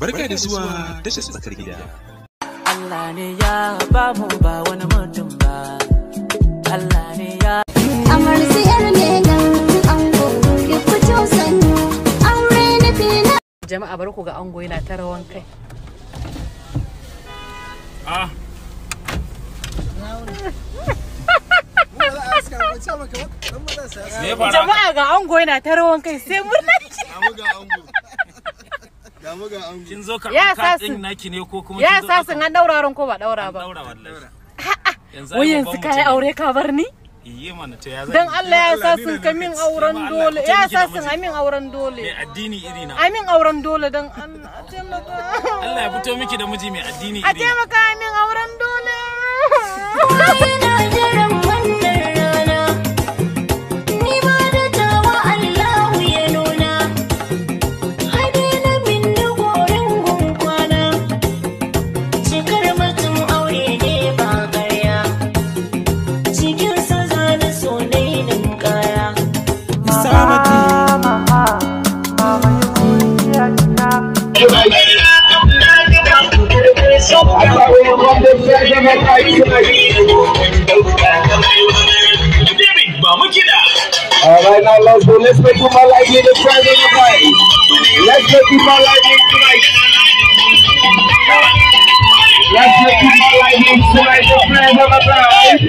Barka da zuwa tashar tsakar gida. Allah ne ya ba mu ba wani mutum ba. Allah ne ya. Amarci yar megan ango ki fito sannu aure na fina. Jama'a bar ku ga ango yana ta rawan kai. Ah. Jama'a ga ango yana ta rawan kai sai murna. Amma ga ango. Kin zo Ya daura ko ba daura ba. Daura wallahi. ka yi aure ka bar ni? ya Dan Allah ya sa ka min auren dole. Ya sa sun amin auren dole. Mai addini iri na. Amin fito miki da miji mai addini iri. A taimaka amin auren dole. Uh, right now, let's go. Let's make people like it the pride of the fight. Let's make people like it tonight. Let's make people like it tonight. The pride of the fight.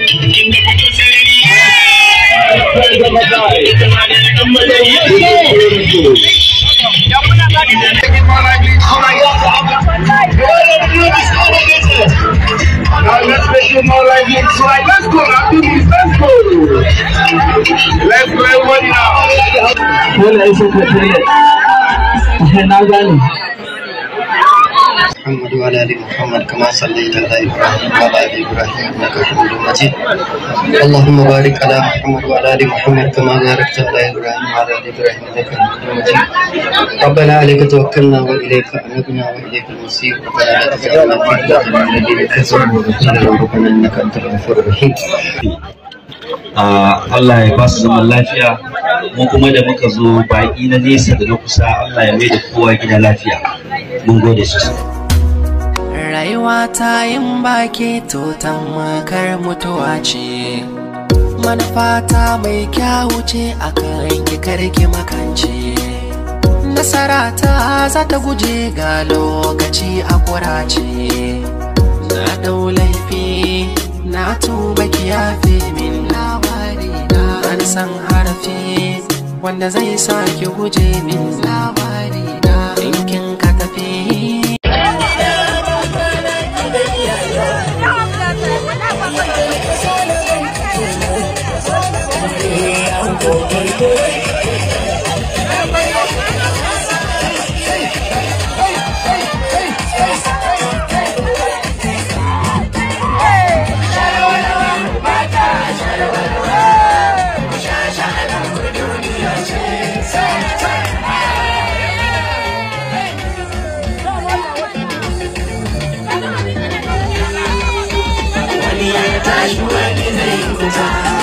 The pride of the fight. That's right. Let's go now. Let's go. Let's go everybody now. Well, it's okay. let's go. محمد وعلى ال محمد كما صليت على ابراهيم وعلى ال ابراهيم انك حميد مجيد اللهم بارك على محمد وعلى ال محمد كما باركت على ابراهيم وعلى ال ابراهيم انك حميد مجيد ربنا عليك توكلنا واليك انبنا واليك المصير ربنا لا تجعلنا كفروا ربنا انك انت الغفور الرحيم Allah ya ba su zaman lafiya mu kuma da muka zo baƙi na nesa da na kusa Allah ya mai da kowa gida lafiya mun gode sosai rayuwa ta yin baki tutan makar mutuwa ce manufata mai kyawu ce a kan karki makance nasara ta za ta guje ga lokaci a kurace na dau laifi na tuba kiyafe min labari na an san harfi wanda zai sa ki guje min labari Wani ya tashi wani zai kuta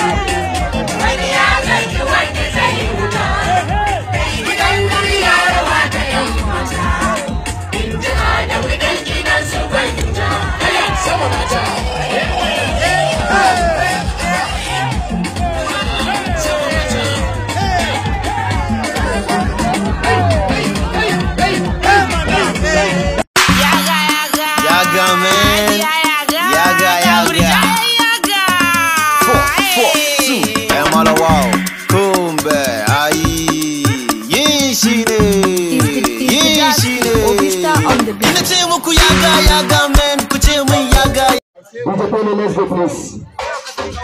kuce muku yaga men kuce yaga Let's to the next bit, please.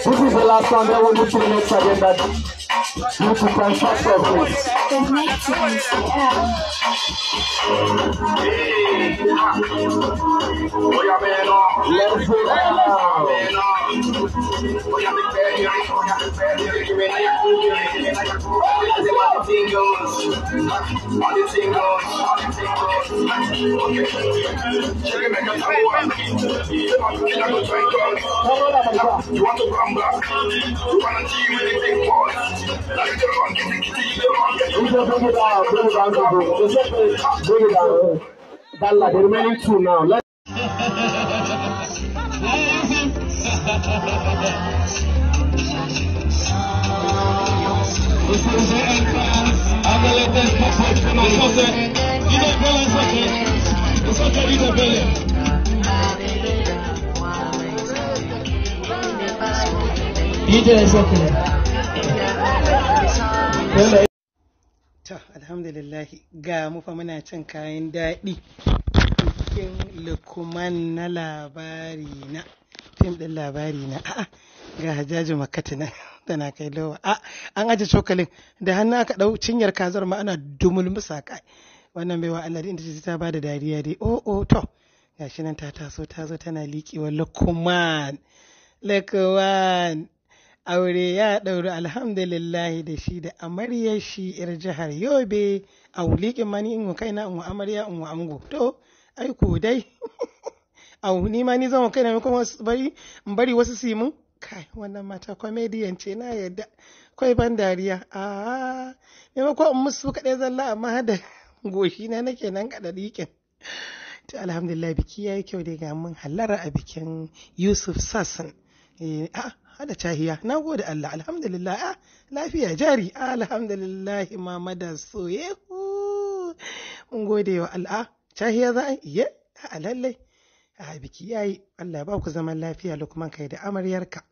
This is the last one that will move the next You transfer, The next one. Hey, ha. Oya meno. Let's go down. Meno. Oya big belly, oya big belly. Give me that cookie, give me that cookie. All the tingles, all the tingles, all the tingles. Okay. Check it out, come on. You want to come back? You want to see me the big boy? Like the one, give me the big one. Bring it down, bring it down, bro. Just Bring it down. Balla, the remaining two now. Let DJ is okay. Böyle To, alhamdulillah ga mufa muna cin kayan daɗi cikin lukuman na labari na fim ɗin labari na a'a ga hajjaji makati na tana kai lowa a an aje cokalin da hannu aka ɗau cinyar kazar ma ana dumul musa kai wannan baiwa Allah da ce ta bada dariya dai o oh, o oh, to shi nan ta taso ta zo tana liƙewa lukuman lukuman aure ya ɗauri alhamdulillahi da shi da amaryar shi yar jihar yobe a wuliƙin mani in kaina in amarya in ango to ai ko dai A ni ma ni zan wa kaina kuma wasu bari in bari wasu su mun kai wannan mata comedian ce na yadda kai ban dariya a ko in musu kaɗai zalla amma da goshi na nake nan dikin to alhamdulillah biki yayi kyau dai ga mun hallara a bikin yusuf sassan eh, a hada cahiya na gode Allah alhamdulillah a ah, lafiya jari alhamdulillah ma mada soye mun gode wa Allah tahiya za a iya a lallai a ah, biki yayi Allah ya ba ku zaman lafiya lukman kai da amaryarka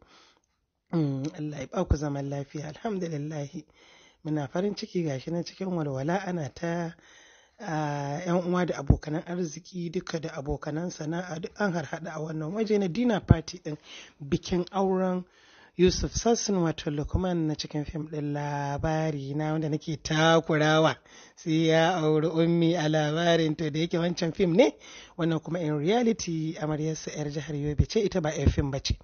mm, Allah ya ba ku zaman lafiya alhamdulillah muna farin ciki gashi na cikin walwala ana ta 'yan uwa da abokanan arziki duka da abokanan sana'a duk an harhaɗa a wannan waje na dina party ɗin bikin auren yusuf sassun wato lukman na cikin fim ɗin labari na wanda nake takurawa sai ya auri ummi a labarin ta da yake wancan fim ne wannan kuma in reality amaryarsa 'yar jihar yobe ce ita ba 'yar fim ba ce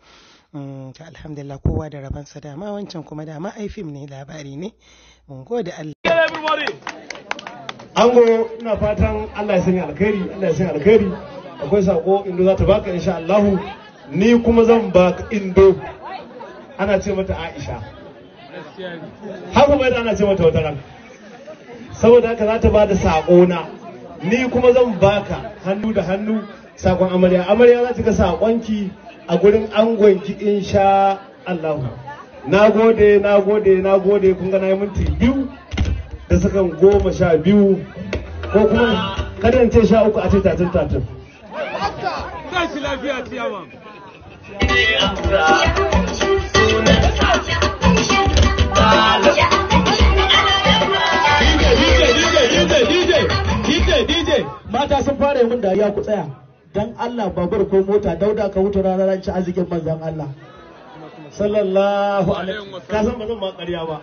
mm, to alhamdulillah kowa da rabansa dama wancan kuma dama ai fim ne labari ne mun gode allah ango ina fatan Allah ya sanya alkhairi Allah ya sanya alkhairi akwai sako indo za ta baka insha Allah ni kuma zan baka indo ana ce mata Aisha haka bai ana ce mata wata ran saboda haka za ta ba da sako na ni kuma zan baka hannu da hannu sakon amarya amarya za ta ga sakonki a gurin angonki insha Allah na gode na gode na gode kun ga na yi minti biyu da sakan goma sha biyu ko kuma kadan ce sha uku a ce tatin tatin. Tashi mata sun fara min dariya ku tsaya dan Allah babur ko mota dauda ka hutu ranar ci arzikin manzan Allah sallallahu alaihi ka san ba ƙarya ba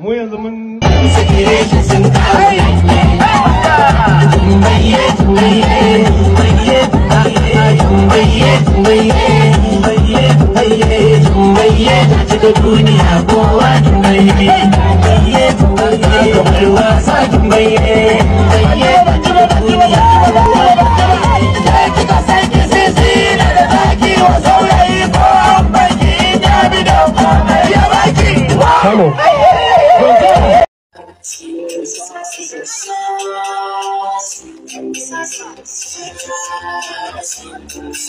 mu yanzu mun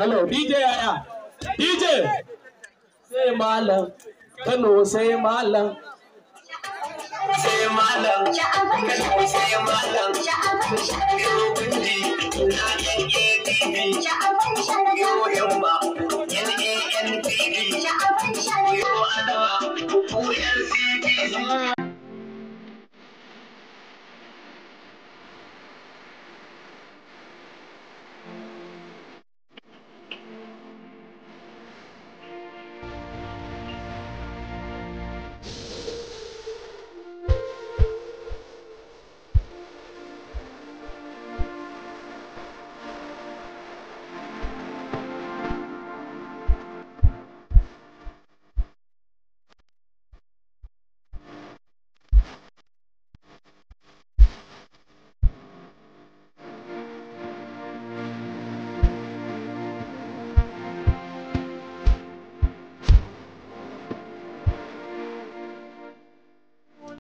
DJ yaya DJ Say malam Kano say malam Say malam Kano malam Kano kundi say Malam. TV yau